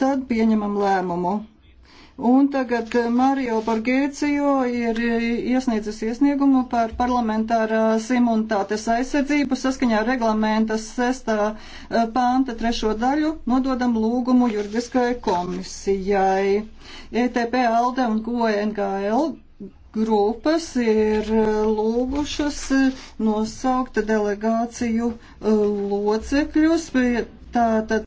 tad pieņemam lēmumu. Un tagad Mario Borgēcijo ir iesniedzis iesniegumu par parlamentārās imunitātes aizsardzību saskaņā reglamentas 6. Eh, panta trešo daļu nododam lūgumu juridiskajai komisijai. ETP, ALDE un KNKL grupas ir eh, lūgušas eh, nosaukt delegāciju locekļus. Tātad